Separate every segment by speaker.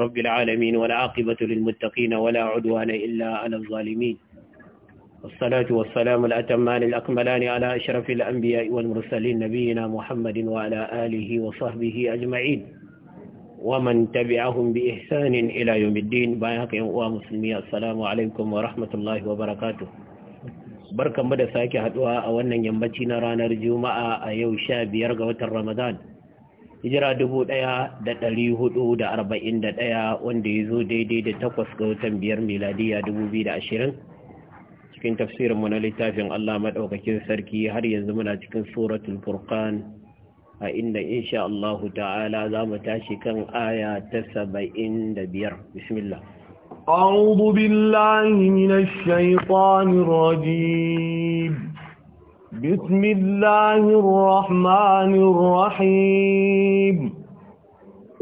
Speaker 1: رب العالمين والعاقبة للمتقين ولا عدوان إلا على الظالمين والصلاة والسلام الأتمان الأكملان على أشرف الأنبياء والمرسلين نبينا محمد وعلى آله وصحبه أجمعين ومن تبعهم بإحسان إلى يوم الدين باقي ومسلمي السلام عليكم ورحمة الله وبركاته بركة مدى ساكي هدوها أولا ينبتنا رانا رجوما أيو شاب يرغوة رمضان hijira dubu ɗaya da ɗari hudu da arba'in da ɗaya wanda ya zo daidai da takwas ga watan biyar miladiya dubu biyu da ashirin cikin tafsirinmu na littafin Allah maɗaukakin sarki har yanzu muna cikin suratul furqan a inda insha Allah ta'ala za mu tashi kan aya ta saba'in da biyar bismillah أعوذ بالله من الشيطان الرجيم بسم الله الرحمن الرحيم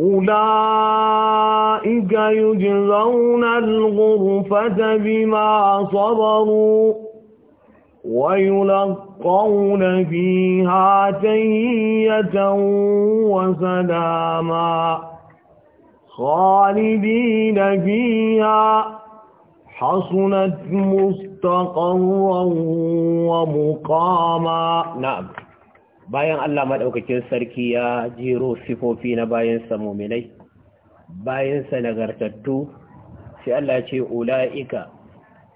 Speaker 1: أولئك يجزون الغرفة بما صبروا ويلقون فيها تهية وسلاما خالدين فيها حصنت مستقبلا مستقرا ومقاما نعم bayan Allah madaukakin sarki ya jero sifofi na bayan sa mu'minai bayan sa nagartattu sai Allah ya ce ulaika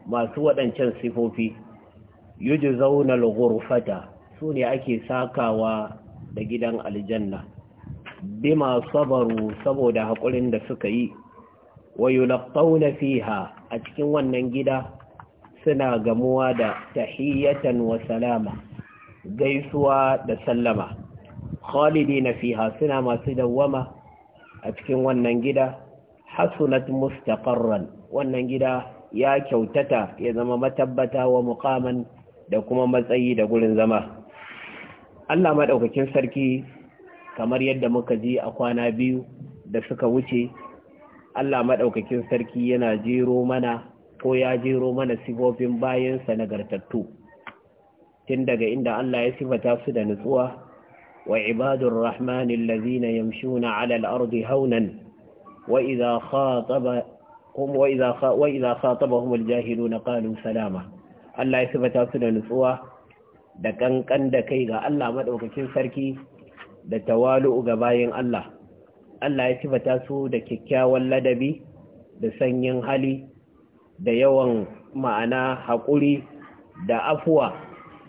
Speaker 1: masu wadancan sifofi yujzauna al-ghurfata sune ake sakawa da gidan aljanna bima sabaru saboda haƙurin da suka yi wa yulqawna fiha a cikin wannan gida suna gamuwa da tahiyatan wa salama gaisuwa da sallama na fiha suna masu dawwama a cikin wannan gida hasunat mustaqarran wannan gida ya kyautata ya zama matabbata wa muqaman da kuma matsayi da gurin zama Allah madaukakin sarki kamar yadda muka ji a kwana biyu da suka wuce Allah madaukakin sarki yana jero mana ko ya jero mana sifofin bayansa nagartattu tun daga inda Allah ya sifata su da nutsuwa wa ibadur rahmani allazina yamshuna ala al-ardi haunan wa idha khataba hum wa idha wa khatabahum al qalu salama Allah ya sifata su da nutsuwa da kankan da kai ga Allah madaukakin sarki da tawalu ga bayin Allah Allah ya sifata su da kyakkyawan ladabi da sanyin hali da yawan ma'ana haƙuri da afuwa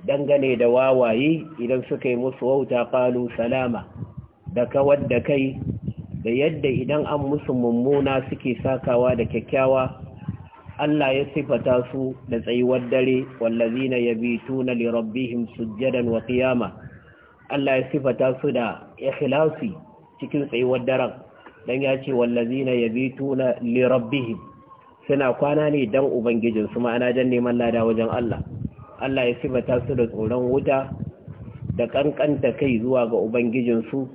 Speaker 1: dangane da wawaye idan suka yi musu wauta falu salama da kawar da kai da yadda idan an musu mummuna suke sakawa da kyakkyawa Allah ya sifata su da tsayuwar dare wallazina yabi tuna su sujjadan wa qiyama Allah ya sifata su da ikhlasi cikin tsayuwar daren dan ya ce wallazina yabi tuna lirabbihim suna kwana ne don ubangijinsu. ma'ana dan neman lada wajen Allah Allah ya sifata su da tsoron wuta da ƙanƙanta kai zuwa ga ubangijinsu su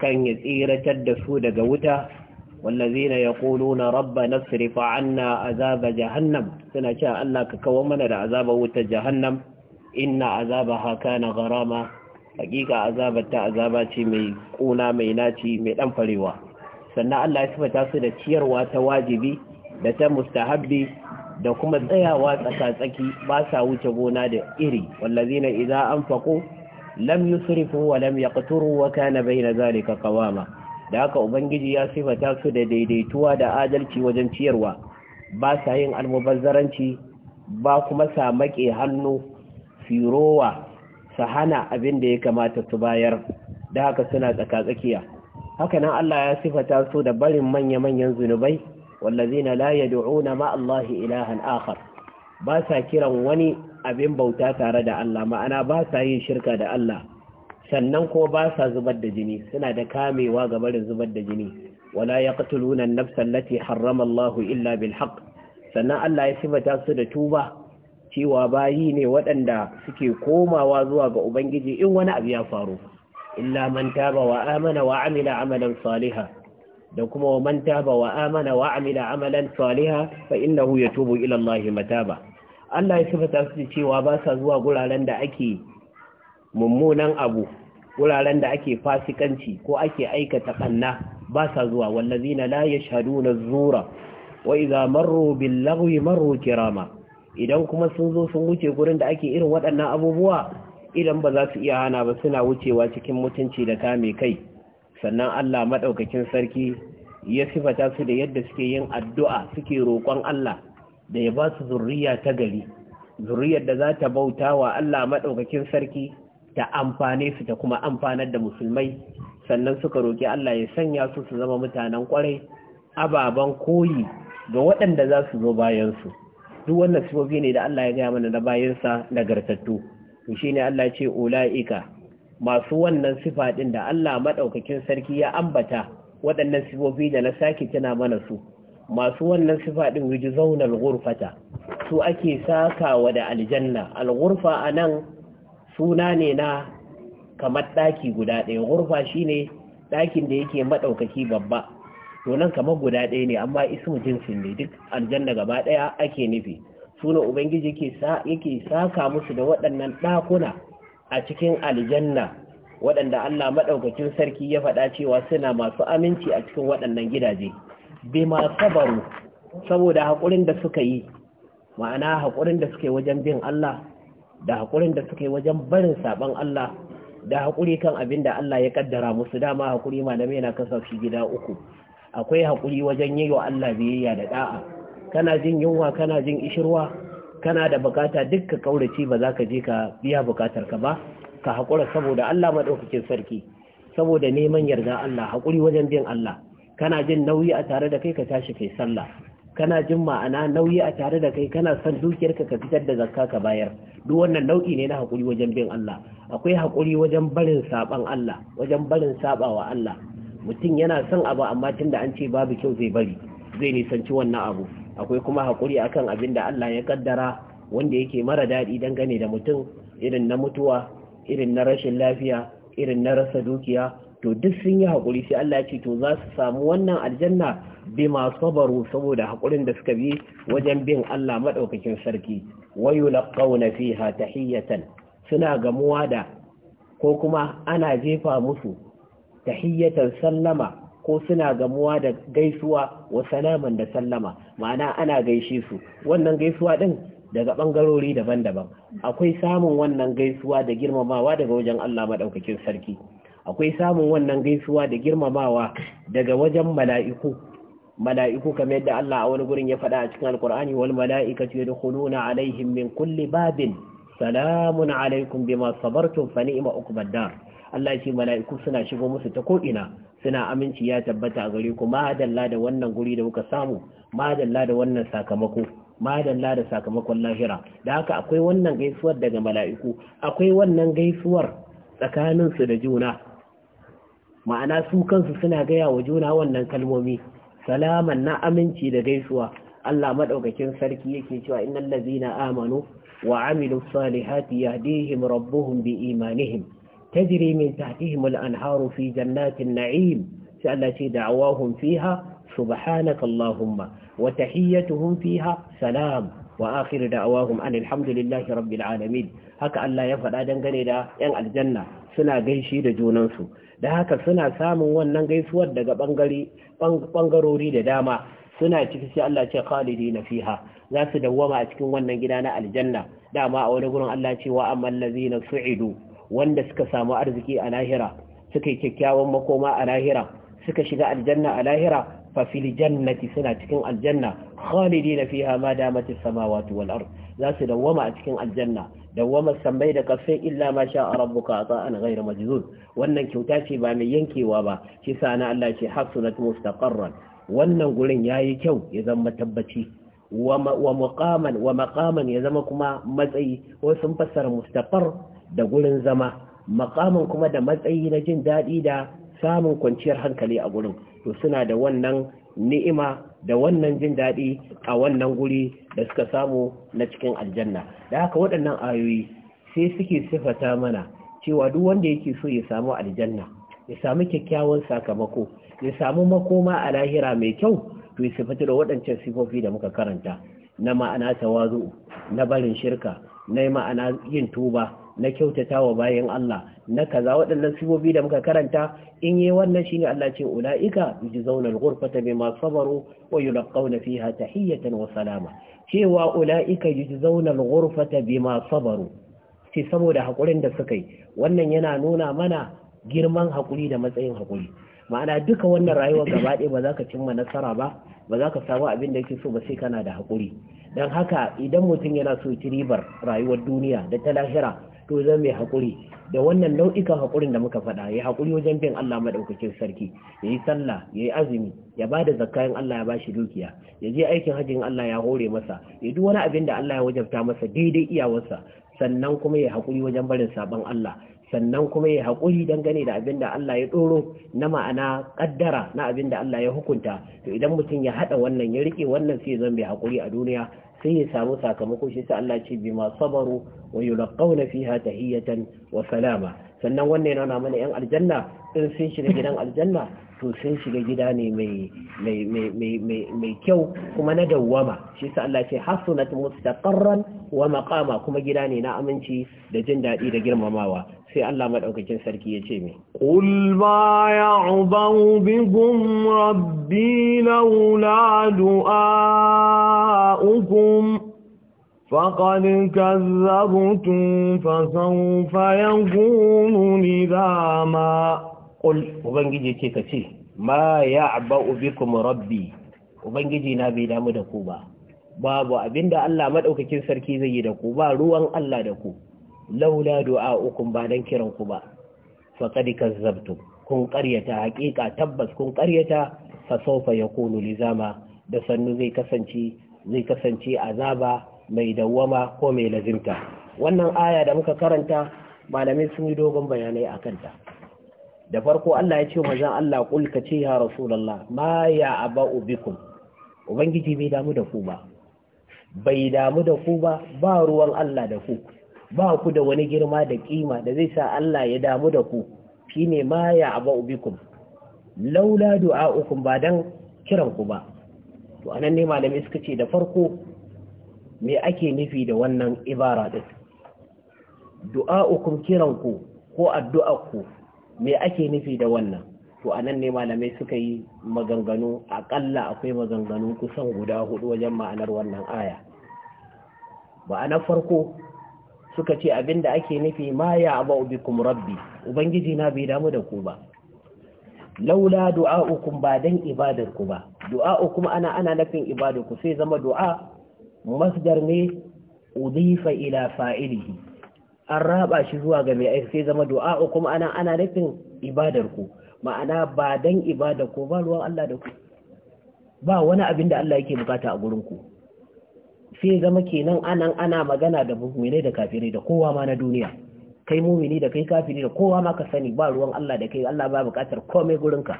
Speaker 1: kan ya tsiratar da su daga wuta ya na Rabba na rabbana sirif 'anna azaba jahannam suna cewa Allah ka kawo mana da azaba wutar jahannam inna haka na gharama hakika azabar ta azaba ce mai ƙuna mai naci mai ɗan farewa sannan Allah ya sifata su da ciyarwa ta wajibi da ta mustahabbi da kuma tsayawa tsakatsaki ba sa wuce gona da iri wallazina idza anfaqu lam yusrifu wa lam yaqturu wa kana bayna zalika kawama. da haka ubangiji ya sifata su da daidaituwa da adalci wajen ciyarwa ba sa yin almubazzaranci ba kuma sa maƙe hannu firowa su hana abin da ya kamata su bayar da haka suna tsakatsakiya haka nan Allah ya sifata su da barin manya-manyan zunubai wallazina la yad'una ma Allahi ilahan akhar ba sa kiran wani abin bauta tare da Allah ma'ana ba sa yin shirka da Allah sannan ko ba sa zubar da jini suna da kamewa ga barin zubar da jini wala yaqtuluna an-nafsa allati harrama Allah illa bil haqq sannan Allah ya sifata su da tuba cewa bayi ne waɗanda suke komawa zuwa ga Ubangiji in wani abu ya faru illa man taba wa amana wa amila amalan Saliha. da kuma wa man taba wa amana wa amila amalan saliha fa innahu yatubu ila Allah mataba Allah ya sifata su cewa ba sa zuwa guraren da ake mummunan abu guraren da ake fasikanci ko ake aikata kanna ba sa zuwa wallazina la yashhaduna zura wa idza marru bil lagwi marru kirama idan kuma sun zo sun wuce gurin da ake irin waɗannan abubuwa idan ba za su iya hana ba suna wucewa cikin mutunci da kame kai sannan Allah maɗaukakin sarki ya sifata su da yadda suke yin addu'a suke roƙon Allah da ya ba su zurriya ta gari zurriyar da za ta bauta wa Allah maɗaukakin sarki ta amfane su ta kuma amfanar da musulmai sannan suka roƙi Allah ya sanya su su zama mutanen ƙwarai ababen koyi ga waɗanda za su zo bayansu duk wannan sifofi ne da Allah ya gaya mana na bayansa nagartattu to ne Allah ya ce ula'ika masu wannan sifa ɗin da Allah maɗaukakin sarki ya ambata waɗannan sifofi da na sake tana mana su masu wannan sifa ɗin wuji zaunar gurfata. su ake sakawa da aljanna al a nan suna ne na kamar ɗaki guda ɗaya ghurfa shine ɗakin da yake maɗaukaki babba to nan kamar guda ɗaya ne amma isu jinsin ne duk aljanna gaba ɗaya ake nufi suna ubangiji yake saka musu da waɗannan ɗakuna a cikin aljanna waɗanda Allah maɗaukacin sarki ya faɗa cewa suna masu aminci a cikin waɗannan gidaje bima sabaru saboda haƙurin da suka yi ma'ana haƙurin da suka yi wajen bin Allah da haƙurin da suka yi wajen barin saɓon Allah da haƙuri kan abin da Allah ya ƙaddara musu dama haƙuri malamai na kasa shi gida uku akwai haƙuri wajen yi wa Allah biyayya da ɗa'a kana jin yunwa kana jin ishirwa kana da bukata duk ka kaurace ba za ka je ka biya bukatar ka ba ka haƙura saboda Allah maɗaukakin sarki saboda neman yarda Allah haƙuri wajen bin Allah kana jin nauyi a tare da kai ka tashi kai sallah kana jin ma'ana nauyi a tare da kai kana son dukiyarka ka fitar da zakka ka bayar duk wannan nau'i ne na haƙuri wajen bin Allah akwai haƙuri wajen barin saban Allah wajen barin sabawa Allah mutum yana son abu amma tunda an ce babu kyau zai bari zai nisanci wannan abu akwai kuma haƙuri akan abin da Allah ya kaddara wanda yake mara daɗi dangane da mutum irin na mutuwa irin na rashin lafiya irin na rasa dukiya to duk sun yi haƙuri sai Allah ce to za su samu wannan aljanna bi sabaru saboda haƙurin da suka bi wajen bin Allah maɗaukakin sarki wayu laqawna fiha tahiyatan suna gamuwa da ko kuma ana jefa musu tahiyatan sallama ko suna gamuwa da gaisuwa wa salaman da sallama ma'ana ana gaishe su wannan gaisuwa din daga bangarori daban-daban akwai samun wannan gaisuwa da girmamawa daga wajen Allah madaukakin sarki akwai samun wannan gaisuwa da girmamawa daga wajen mala'iku mala'iku kamar yadda Allah a wani gurin ya faɗa a cikin alkur'ani wal mala'ikatu yadkhuluna alaihim min kulli babin salamun alaikum bima sabartum fa ni'ma uqbad Allah ya ce mala'iku suna shigo musu ta ko'ina. suna aminci ya tabbata a gare ku madalla da wannan guri da kuka samu madalla da wannan sakamako madalla da sakamakon lahira da haka akwai wannan gaisuwar daga mala'iku akwai wannan gaisuwar tsakaninsu da juna ma'ana su kansu suna gaya wa juna wannan kalmomi salaman na aminci da gaisuwa Allah madaukakin sarki yake cewa innal ladzina amanu wa amilus salihati yahdihim rabbuhum bi imanihim tajri min tahtihim al-anharu fi jannatin na'im sai Allah ce da'awahum fiha subhanaka allahumma wa hun fiha salam wa akhir da'awahum anil hamdulillahi rabbil alamin haka Allah ya faɗa dangane da yan aljanna suna gaishe da junansu da haka suna samun wannan gaisuwar daga ɓangarori da dama suna ciki sai Allah ce khalidi na fiha za su dawwama a cikin wannan gida na aljanna dama a wani gurin Allah ce wa amman su su'idu wanda suka samu arziki a lahira suka yi kyakkyawan makoma a lahira suka shiga aljanna a lahira fa fil jannati suna cikin aljanna khalidina fiha ma damat as-samawati wal ard za su dawwama a cikin aljanna dawwama sambai da kafai illa ma sha rabbuka ata'an ghayra majzun wannan kyauta ce ba mai yankewa ba shi sa na Allah ce hasunat mustaqarran wannan gurin yayi kyau ya zama tabbaci wa maqaman wa maqaman ya zama kuma matsayi wasu sun fassara mustaqar da gurin zama makamin kuma da matsayi na jin daɗi da samun kwanciyar hankali a gurin to suna da wannan ni'ima da wannan jin daɗi a wannan guri da suka samu na cikin aljanna da haka waɗannan ayoyi sai suke sifata mana cewa duk wanda yake so ya samu aljanna ya samu kyakkyawan sakamako ya samu makoma a lahira mai kyau to ya sifatu da waɗancan sifofi da muka karanta na ma'ana tawazu na barin shirka na ma'ana yin tuba na kyautata wa bayan Allah na kaza waɗannan sibobi da muka karanta in yi wannan ne Allah ce ulaika zaunar gurfata mai bima sabaru wa yulqauna fiha tahiyatan wa salama cewa ulaika zaunar gurfata mai bima sabaru ce saboda haƙurin da suka yi wannan yana nuna mana girman haƙuri da matsayin haƙuri. ma'ana duka wannan rayuwar gaba ɗaya ba za ka cimma nasara ba ba za ka samu abin da yake so ba sai kana da haƙuri don haka idan mutum yana so ci ribar rayuwar duniya da ta lahira to zama mai haƙuri da wannan nau'ikan haƙurin da muka faɗa ya haƙuri wajen bin Allah maɗaukakin sarki ya yi sallah ya yi azumi ya ba da zakkayin Allah ya ba shi dukiya ya je aikin hajjin Allah ya hore masa ya duk wani abin da Allah ya wajabta masa daidai iyawarsa sannan kuma ya haƙuri wajen barin sabon Allah sannan kuma ya haƙuri dangane da abin da Allah ya ɗoro na ma'ana ƙaddara na abin da Allah ya hukunta to idan mutum ya haɗa wannan ya riƙe wannan sai zan bai haƙuri a duniya sai ya samu sakamako shi sa Allah ce bima sabaru wa yulqawna fiha tahiyatan wa salama sannan wannan yana mana yan aljanna in sun shiga gidan aljanna to sun shiga gida ne mai kyau kuma na dawwama shi sa Allah ce hasunat mustaqarran wa maqama kuma gida ne na aminci da jin daɗi da girmamawa sai Allah madaukakin sarki ya ce me qul ma ya'bau bikum rabbi laula du'a'ukum فقد كذبتم فسوف يكون لذاما قل وبنجي كيكتي ما يعبأ بكم ربي وبنجي نبي دام دكوبا babu abinda Allah Maɗaukakin sarki zai yi da ku ba ruwan Allah da ku laula ukun ba dan kiran ku ba faqad kazzabtum kun ƙaryata haƙiƙa, tabbas kun ƙaryata fa sawfa yakunu lizama da sannu zai kasance azaba mai dawwama ko mai lazimta wannan aya da muka karanta malamai sun yi dogon bayanai a kanta da farko Allah ya ce mazan Allah kul ka ce ya rasulullah ma ya aba'u bikum ubangiji bai damu da ku ba bai damu da ku ba ba ruwan Allah da ku ba ku da wani girma da kima da zai sa Allah ya damu da ku shine ma ya aba'u bikum laula du'a ukum ba dan kiran ku ba to anan ne malamai suka ce da farko me ake nufi da wannan ibara din du'a'ukum kiranku ko ku me ake nufi da wannan to anan ne malamai suka yi maganganu akalla akwai maganganu kusan guda hudu wajen ma'anar wannan aya ma'anar farko suka ce abinda ake nufi ma ya aba ubikum rabbi ubangiji na bai damu da ku ba laula du'a du'a'ukum ba dan ibadarku ba du'a'ukum ana ana nufin ibadarku sai zama du'a masdar ne udifa ila fa'ilihi an raba shi zuwa ga mai aiki sai zama du'a kuma ana ana nufin ibadar ku ma'ana ba dan ibada ku ba ruwan Allah da ku ba wani abin da Allah yake bukata a gurin ku sai zama kenan anan ana magana da mu'mini da kafirai da kowa ma na duniya kai mumini da kai kafiri da kowa ma ka sani ba ruwan Allah da kai Allah ba bukatar komai gurin ka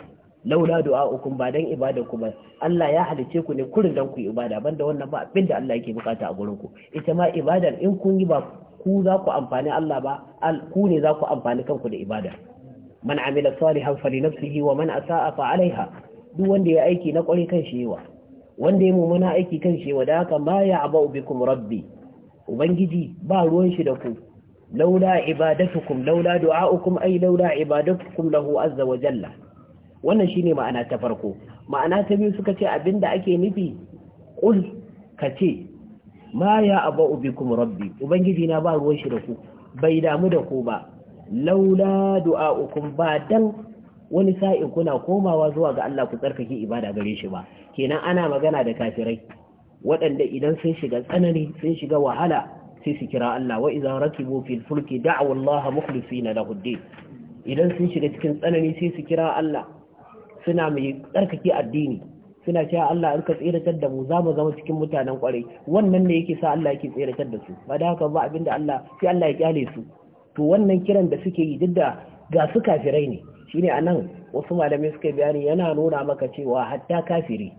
Speaker 1: laula ukun ba dan ibada ku ba Allah ya halice ku ne kurin dan ku ibada banda wannan ba abinda Allah yake bukata a gurin ku ita ma ibadar in kun yi ba ku za ku amfani Allah ba ku ne za ku amfani kanku da ibada man amila salihan fali nafsihi wa man asa'a fa alaiha duk wanda ya aiki na kwari kan shi wanda ya mumuna aiki kan shi yawa da haka ma ya abau bikum rabbi ubangiji ba ruwan shi da ku laula ibadatukum laula du'a'ukum ay laula ibadatukum lahu azza wa jalla wannan shine ma'ana ta farko ma'ana ta biyu suka ce abinda ake nufi qul ce. ma ya aba'u bikum rabbi ubangiji na ba ruwan shi da ku bai damu da ku ba laula du'a'ukum ba dan wani sa'in kuna komawa zuwa ga Allah ku tsarkake ibada gare shi ba kenan ana magana da kafirai waɗanda idan sun shiga tsanani sun shiga wahala sai su kira Allah wa idan rakibu fil fulki da'u Allah mukhlisina lahu idan sun shiga cikin tsanani sai su kira Allah suna mai tsarkake addini suna cewa Allah in ka tseratar da mu zamu zama cikin mutanen kwarai wannan ne yake sa Allah yake tseratar da su ba da haka ba abinda Allah sai Allah ya kyale su to wannan kiran da suke yi duk da ga su kafirai ne shine anan wasu malamai suka bayani yana nuna maka cewa hatta kafiri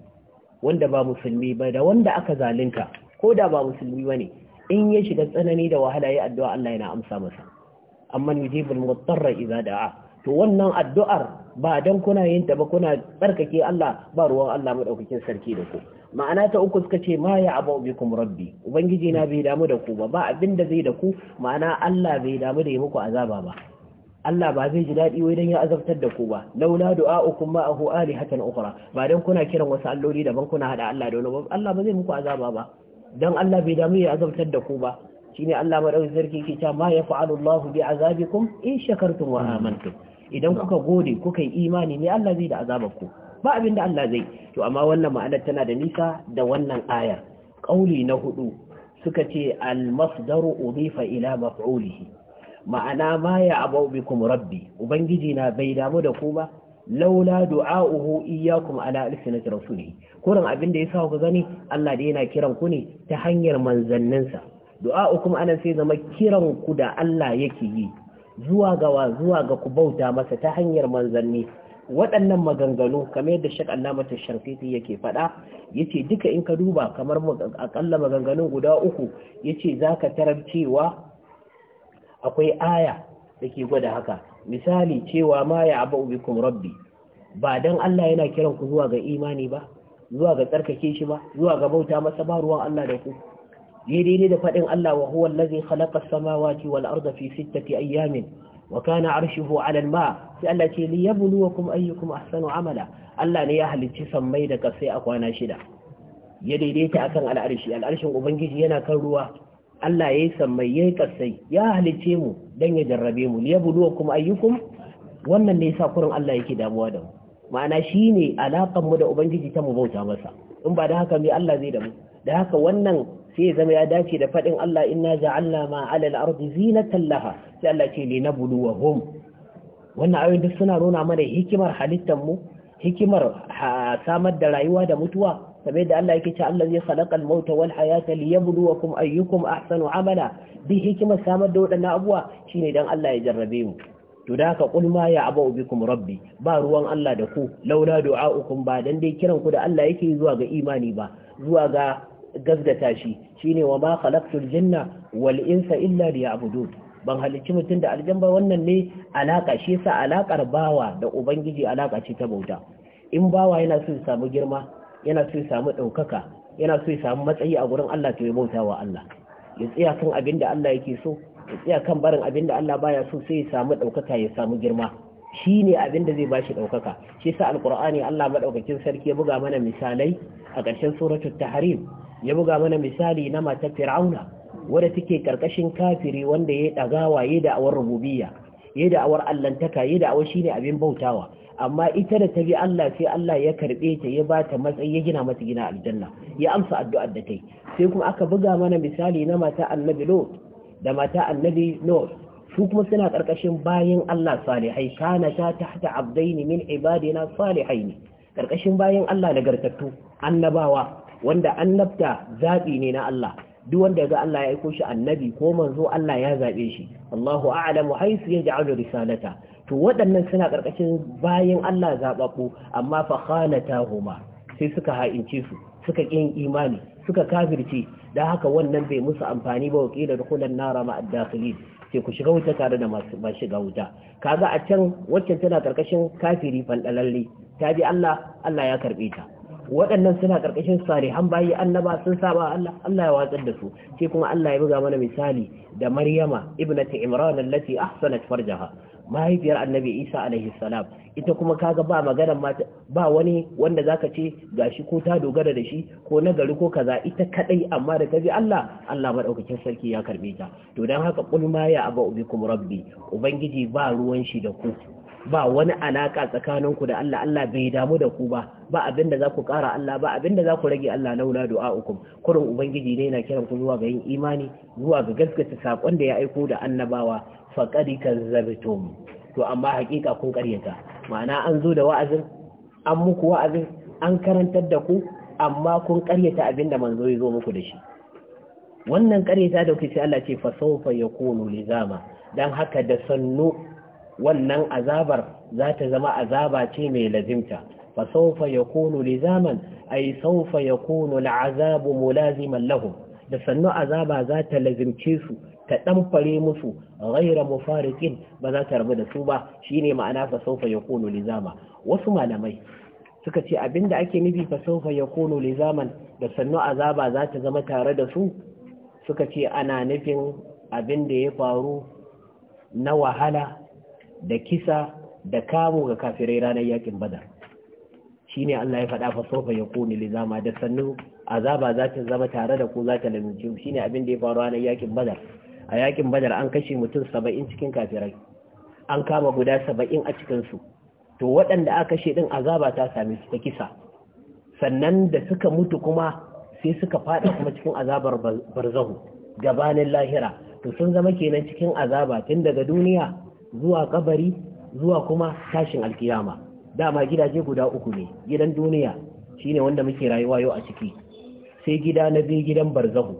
Speaker 1: wanda ba musulmi ba da wanda aka zalunta ko da ba musulmi bane in ya shiga tsanani da wahala ya addu'a Allah yana amsa masa Amma yujibul mutarra idza da'a to wannan addu'ar ba dan kuna yin ta ba kuna tsarkake Allah ba ruwan Allah maɗaukakin sarki da ku ma'ana ta uku suka ce ma ya abu bikum rabbi ubangiji na bai damu da ku ba ba abin da zai da ku ma'ana Allah bai damu da yi muku azaba ba Allah ba zai ji daɗi wai dan ya azabtar da ku ba laula du'a'ukum ma'ahu alihatan ukura. ba dan kuna kiran wasu alloli daban kuna hada Allah da wani Allah ba zai muku azaba ba dan Allah bai damu ya azabtar da ku ba shine Allah madaukakin sarki yake cewa ma yaf'alu Allahu bi azabikum in shakartum wa amantum idan kuka gode kuka yi imani ne Allah zai da azabarku ba abin da Allah zai to amma wannan ma'anar tana da nisa da wannan ayar ƙauli na hudu suka ce al-masdaru udifa ila maf'ulihi ma'ana ma ya abau bikum rabbi ubangiji na bai damu da ku ba laula du'a'uhu iyyakum ala alsinati rasulih kuran abin da yasa ku gani Allah da yana kiran ku ne ta hanyar manzanninsa du'a kuma ana sai zama kiran ku da Allah yake yi zuwa ga wa zuwa ga ku bauta masa ta hanyar manzanni waɗannan maganganu kamar yadda Sheikh Allama Tasharfiti yake faɗa yace duka in ka duba kamar akalla maganganun guda uku yace zaka tarar cewa akwai aya dake gwada haka misali cewa ma ya abu bikum rabbi ba dan Allah yana kiran ku zuwa ga imani ba zuwa ga tsarkake shi ba zuwa ga bauta masa ba ruwan Allah da ku yi daidai da faɗin Allah wa huwa allazi khalaqa as-samawati wal arda fi sittati ayyamin wa kana arshuhu 'ala al-ma sai Allah ce ayyukum ahsanu amala Allah ne ya halicci sammai da kasai a kwana shida ya daidaita akan al'arshi al'arshin ubangiji yana kan ruwa Allah yayi sammai yayi kasai ya halicce mu dan ya jarrabe mu li yabluwakum ayyukum wannan ne yasa kurin Allah yake damuwa da mu ma'ana shine alaƙar mu da ubangiji ta mu bauta masa in ba da haka me Allah zai da mu da haka wannan sai zama ya dace da faɗin Allah inna ja'alna ma alal al-ardi zinatan laha sai Allah ce li nabluwahum wannan ayoyin duk suna nuna mana hikimar halittar mu hikimar samar da rayuwa da mutuwa kamar da Allah yake ce allazi khalaqal mauta wal hayata kuma ayyukum ahsanu amala bi hikimar samar da wadannan abuwa shine dan Allah ya jarrabe mu to da haka qul ma ya abu bikum rabbi ba ruwan Allah da ku laula du'aukum ba dan dai kiran ku da Allah yake zuwa ga imani ba zuwa ga gazgata shi shine wa ma khalaqtul jinna wal insa illa liya'budun ban halicci mutum da aljamba wannan ne alaka shi yasa alakar bawa da ubangiji alaka ce ta bauta in bawa yana so ya samu girma yana so ya samu daukaka yana so ya samu matsayi a gurin Allah to ya bauta wa Allah ya tsaya kan abin da Allah yake so ya tsaya kan barin abin da Allah baya so sai ya samu daukaka ya samu girma shi ne abin da zai ba shi ɗaukaka shi sa alƙur'ani Allah maɗaukakin sarki ya buga mana misalai a ƙarshen suratul tahrim ya buga mana misali na matar fir'auna wadda take ƙarƙashin kafiri wanda ya ɗagawa ya awar rububiya, ya awar allantaka ya awar shi ne abin bautawa amma ita da ta bi Allah sai Allah ya karɓe ta ya ba ta matsayi ya gina mata gina aljanna ya amsa addu'ar da ta sai kuma aka buga mana misali na mata annabi lot da mata annabi lot su kuma suna ƙarƙashin bayan Allah salihai kana ta tahta abdaini min ibadina salihai ne ƙarƙashin bayan Allah nagartattu annabawa wanda annabta zaɓi ne na Allah duk wanda ga Allah ya aiko shi annabi ko manzo Allah ya zaɓe shi Allahu a'lamu haythu yaj'alu risalata to waɗannan suna ƙarƙashin bayan Allah zaɓaɓɓu amma fa khanatahuma sai suka ha'ince su suka ƙin imani suka kafirce da haka wannan bai musu amfani ba wa ƙila da kulan nara ma'ad dakhilin ce ku shiga wuta tare da masu ba shiga wuta kaga a can waccan tana karkashin kafiri fandalalle ta bi Allah Allah ya karbe ta waɗannan suna karkashin salihan bayi annaba sun saba Allah Allah ya watsar da su sai kuma Allah ya buga mana misali da Maryama ibnati Imran allati ahsanat farjaha mahaifiyar annabi isa alaihi salam ita kuma kaga ba magana mata ba wani wanda zaka ce gashi ko ta dogara da shi ko na gari ko kaza ita kadai amma da kaji Allah Allah madaukakin sarki ya karbe ta to dan haka qul ma ya aba ubikum rabbi ubangiji ba ruwan shi da ku ba wani alaka tsakaninku da Allah Allah bai damu da ku ba ba abinda za ku ƙara Allah ba abinda za ku rage Allah laula ukum kurin ubangiji ne yana kiran ku zuwa ga yin imani zuwa ga gaskata sakon da ya aiko da annabawa faqad kazzabtum to amma hakika kun ƙaryata ma'ana an zo da wa'azin an muku wa'azin an karantar da ku amma kun karyata abinda manzo ya zo muku da shi wannan ƙaryata da kuke Allah ce fa sawfa yakunu lizama dan haka da sannu wannan azabar za ta zama azaba ce mai lazimta fa sawfa yakunu lizaman ay sawfa yakunu al'azabu mulaziman lahum da sannu azaba za ta lazimce su ta ɗamfare musu ghaira mufariqin ba za ta rabu da su ba shine ma'ana fa sawfa yakunu lizama wasu malamai suka ce abinda ake nufi fa sawfa yakunu lizaman da sannu azaba za ta zama tare da su suka ce ana nufin abin da ya faru na wahala da kisa da kamo ga kafirai ranar yakin badar shine Allah ya faɗa fa sofa ya kuni lizama da sannu azaba za ta zama tare da ku za ta lamince shine abin da ya faru ranar yakin badar a yakin badar an kashe mutum saba'in cikin kafirai an kama guda saba'in a cikinsu to waɗanda aka kashe ɗin azaba ta same su ta kisa sannan da suka mutu kuma sai suka faɗa kuma cikin azabar barzahu gabanin lahira to sun zama kenan cikin azaba tun daga duniya zuwa kabari zuwa kuma tashin alkiyama dama gidaje guda uku ne gidan duniya shine wanda muke rayuwa yau a ciki sai gida na biyu gidan barzahu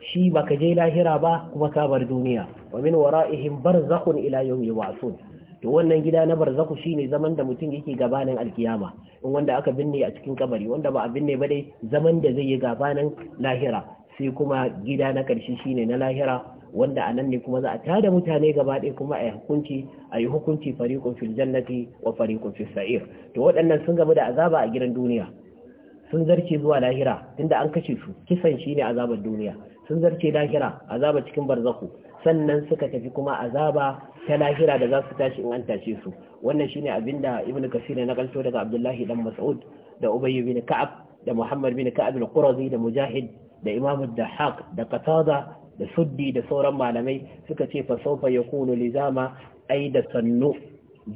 Speaker 1: shi baka je lahira ba kuma ka bar duniya wa min wara'ihim barzakhun ila yawm yub'athun to wannan gida na barzaku shine zaman da mutum yake gabanin alkiyama in wanda aka binne a cikin kabari wanda ba a binne ba dai zaman da zai yi gabanin lahira sai kuma gida na karshe shine na lahira wanda a nan ne kuma za a tada mutane gaba ɗaya kuma a yi hukunci a yi hukunci fariƙon fil jannati wa fariƙon fil sa'ir to waɗannan sun gaba da azaba a gidan duniya sun zarce zuwa lahira tunda an kashe su kisan shine azabar duniya sun zarce lahira azaba cikin barzaku sannan suka tafi kuma azaba ta lahira da za su tashi in an tashe su wannan shine abinda ibnu kasir na kalto daga abdullahi dan mas'ud da ubayy bin ka'ab da muhammad bin ka'ab al-qurazi da mujahid da imam ad-dahhak da qatada da suddi da sauran malamai suka ce fa saufa yakunu lizama ai da sannu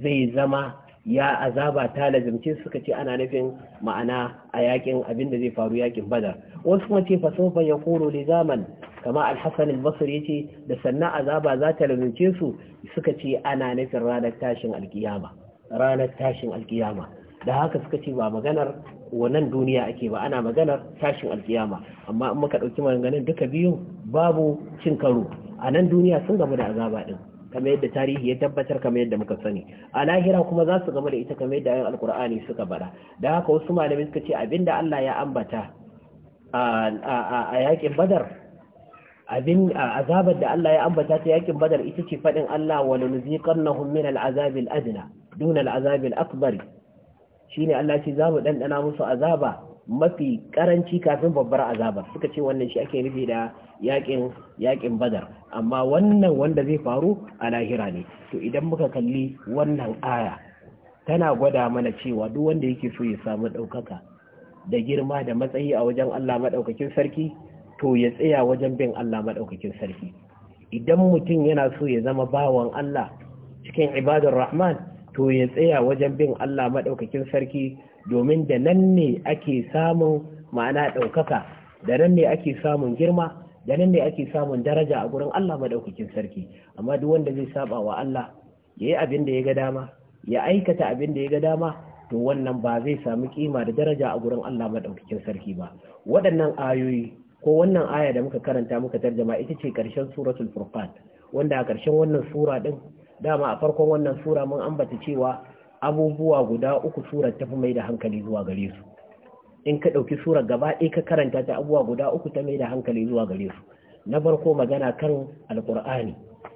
Speaker 1: zai zama ya azaba ta lazimce suka ce ana nufin ma'ana a yakin abin da zai faru yakin badar wasu kuma ce fasofa ya koro da zaman kama alhassan albasir ya ce da sannu azaba za ta lazimce su suka ce ana nufin ranar tashin alkiyama ranar tashin alkiyama da haka suka ce ba maganar wannan duniya ake ba ana maganar tashin alkiyama amma in muka ɗauki maganganun duka biyu babu cin karo a nan duniya sun gamu da azaba din kamar yadda tarihi ya tabbatar kamar yadda muka sani a lahira kuma za su gamu da ita kamar yadda ayan alkur'ani suka bada da haka wasu malamai suka ce abinda Allah ya ambata a yakin badar abin azabar da Allah ya ambata ta yakin badar ita ce faɗin Allah wa na min al'azabil adna dun al'azabil akbar shine Allah ce za mu ɗanɗana musu azaba mafi karanci kafin babbar azabar, suka ce wannan shi ake nufi da yaƙin yaƙin badar amma wannan wanda zai faru a lahira ne to idan muka kalli wannan aya tana gwada mana cewa duk wanda yake so ya samu ɗaukaka da girma da matsayi a wajen Allah maɗaukakin sarki to ya tsaya wajen bin Allah maɗaukakin sarki idan mutum yana so ya zama bawan Allah cikin ibadar rahman to ya tsaya wajen bin Allah maɗaukakin sarki domin da nan ne ake samun ma'ana ɗaukaka da nan ne ake samun girma da nan ne ake samun daraja a gurin Allah maɗaukakin sarki amma duk wanda zai saba wa Allah ya yi abin da ya ga dama ya aikata abin da ya ga dama to wannan ba zai samu kima da daraja a gurin Allah maɗaukakin sarki ba waɗannan ayoyi ko wannan aya da muka karanta muka tarjama ita ce ƙarshen suratul furqan wanda a ƙarshen wannan sura din dama a farkon wannan sura mun ambata cewa abubuwa guda uku surar tafi mai da hankali zuwa gare su in ka ɗauki surar gaba ɗaya ka karanta ta abubuwa guda uku ta mai da hankali zuwa gare su na farko magana kan alƙur'ani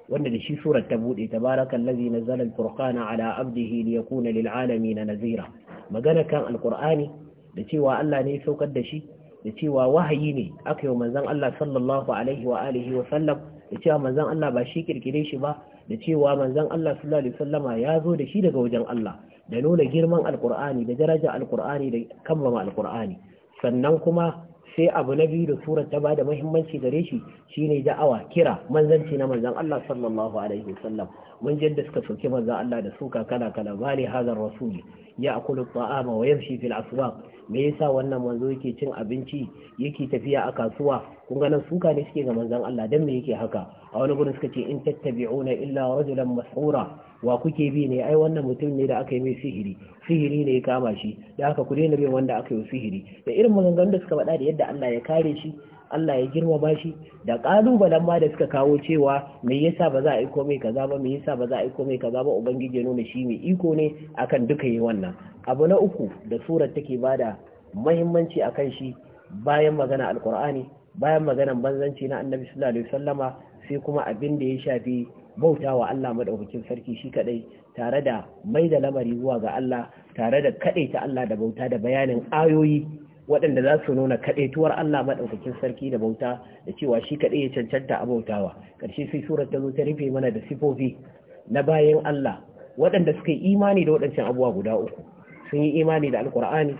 Speaker 1: wanda da shi surar ta buɗe tabarakan lazi na zalar furkana ala abdihi yakuna lil na nazira magana kan alƙur'ani da cewa Allah ne ya saukar da shi da cewa wahayi ne aka yi manzon Allah sallallahu alaihi wa alihi wa sallam da cewa manzon Allah ba shi kirkire shi ba da cewa manzon Allah sallallahu alaihi wasallama ya zo da shi daga wajen Allah da nuna girman alkur'ani da daraja alkur'ani da kammama alkur'ani sannan kuma sai abu na biyu da surar ta bada muhimmanci gare shi shine da'awa kira manzanci na manzan Allah sallallahu alaihi wasallam mun jadda suka soke manzan Allah da suka kala kala bali hazar rasuli ya akulu ta'ama wa yamshi fil aswaq me yasa wannan manzo yake cin abinci yake tafiya a kasuwa kun ga nan suka ne suke ga manzan Allah dan me yake haka a wani gurin suka ce in tattabi'una illa rajulan mas'ura wa kuke bi ne ai wannan mutum ne da aka yi mai sihiri sihiri ne ya kama shi da haka ku daina bin wanda aka yi sihiri da irin maganganun da suka faɗa da yadda Allah ya kare shi Allah ya girmama shi da kalubalen ma da suka kawo cewa me yasa ba za a yi komai kaza ba me yasa ba za a yi komai kaza ba ubangiji ya nuna shi mai iko ne akan duka yi wannan abu na uku da surar take bada muhimmanci akan shi bayan magana alkur'ani bayan maganan banzanci na annabi sallallahu alaihi wasallama sai kuma abin da ya shafi bauta wa Allah madaukakin sarki shi kadai tare da mai da lamari zuwa ga Allah tare da kadaita Allah da bauta da bayanin ayoyi waɗanda za su nuna kadaituwar Allah madaukakin sarki da bauta da cewa shi kadai ya cancanta a bautawa karshe sai surar ta zo ta rufe mana da sifofi na bayan Allah waɗanda suka yi imani da waɗancan abubuwa guda uku sun yi imani da alkur'ani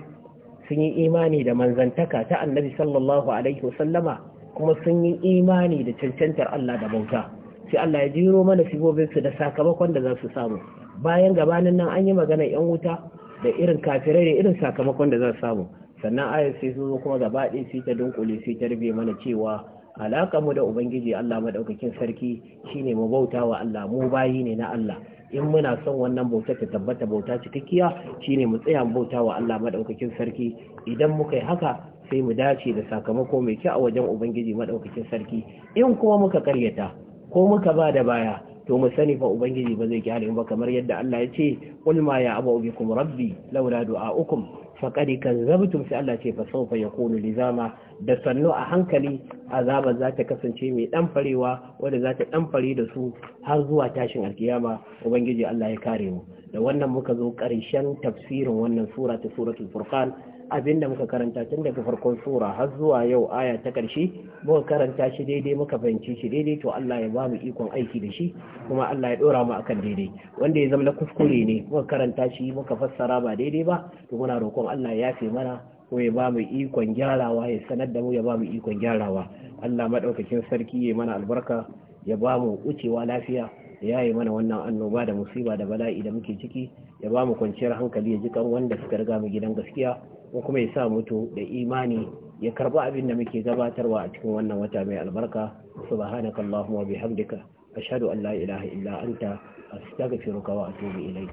Speaker 1: sun yi imani da manzantaka ta annabi sallallahu alaihi wasallama kuma sun yi imani da cancantar Allah da bauta sai Allah ya jiro mana su da sakamakon da za su samu bayan gabanin nan an yi magana yan wuta da irin kafirai da irin sakamakon da za su samu sannan ayar sai su zo kuma gaba ɗaya sai ta dunkule sai ta rube mana cewa alaƙa mu da ubangiji Allah madaukakin sarki shine mu bauta wa Allah mu bayi ne na Allah in muna son wannan bauta ta tabbata bauta cikakkiya shine mu tsaya bauta wa Allah madaukakin sarki idan muka yi haka sai mu dace da sakamako mai kyau a wajen ubangiji madaukakin sarki in kuma muka karyata ko muka ba da baya to mu sani fa ubangiji ba zai kyale ba kamar yadda Allah ya ce qul ma ya abu bikum rabbi laula du'aukum faqad kadzabtum sai Allah ce fa sawfa yakunu lizama da sannu a hankali azaba za ta kasance mai dan farewa wanda za ta dan fare da su har zuwa tashin alkiyama ubangiji Allah ya kare mu da wannan muka zo karshen tafsirin wannan sura ta suratul furqan abin da muka karanta tun daga farkon sura har zuwa yau aya ta ƙarshe muka karanta shi daidai muka fahimci shi daidai to Allah ya ba mu ikon aiki da shi kuma Allah ya ɗora mu akan daidai wanda ya zama kuskure ne muka karanta shi muka fassara ba daidai ba to muna roƙon Allah ya yafe mana ko ya ba mu ikon gyarawa ya sanar da mu ya ba mu ikon gyarawa Allah madaukakin sarki ya mana albarka ya ba mu wucewa lafiya ya yi mana wannan annoba da musiba da bala'i da muke ciki ya ba mu kwanciyar hankali ya ji wanda suka riga mu gidan gaskiya ko kuma ya sa mutu da imani ya karba abin da muke gabatarwa a cikin wannan wata mai albarka subhanaka allahumma bihamdika ashhadu an la ilaha illa anta astaghfiruka wa atubu ilayk